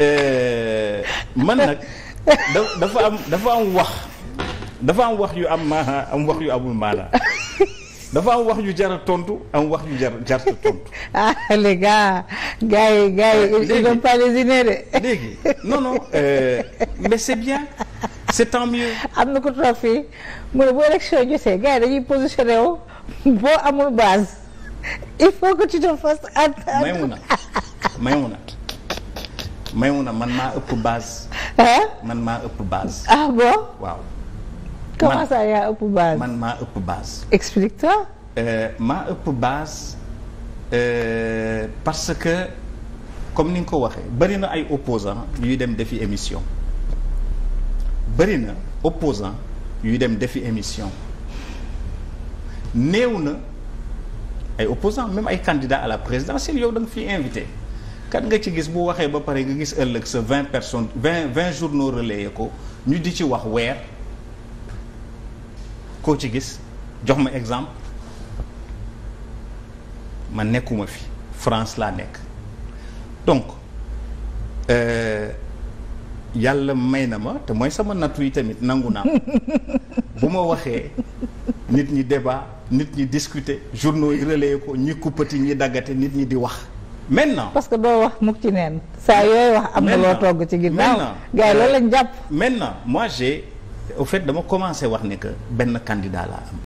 Eh, man nag dafa am dafa am wax dafa am wax yu am maanaa am wax yu amul maanaa dafa am wax yu jar a tontu am wax yu jar jar a tontu. ah les gars gars yi gars yi ils n'ont pas de. léegi non non euh, mais c'est bien c'est tant mieux. am na ko toog mu ne bu élection jotee gars yi dañuy positionné boo amul base il faut que tu te fasses. may mu na may mu na. Maymuna man maa ëpp base. man maa ëpp base. ah bon waaw. comment ça yaa ëpp base man maa ëpp base. explique toi. Euh, maa ëpp base euh, parce que comme ni nga ko waxee bëri na ay opposants yuy dem defi émission bëri na opposants yuy dem defi émission néew na ay opposants même ay candidats à la présidentielle yow da fi invité. kan nga ci gis bu waxee ba pare nga gis ëllëg sa vingt personne vingt vingt journaux relayé ko ñu di ci wax weer koo ci gis jox ma exemple ma nekkuma fi France laa nekk donc euh, yàlla may na ma te mooy sama nattu yi tamit nangu naa bu ma waxee nit ñi débat nit ñi discuter journaux yi relayé ko ñi kuppati ñi daggate nit ñi di wax maintenant parce que doo wax mukk ci neen saa yooyu wax am na loo togg ci ginnaaw gars yi loolu lañ jàpp maintenant moi j'ai au fait dama commencé wax ne que benn candidat laa am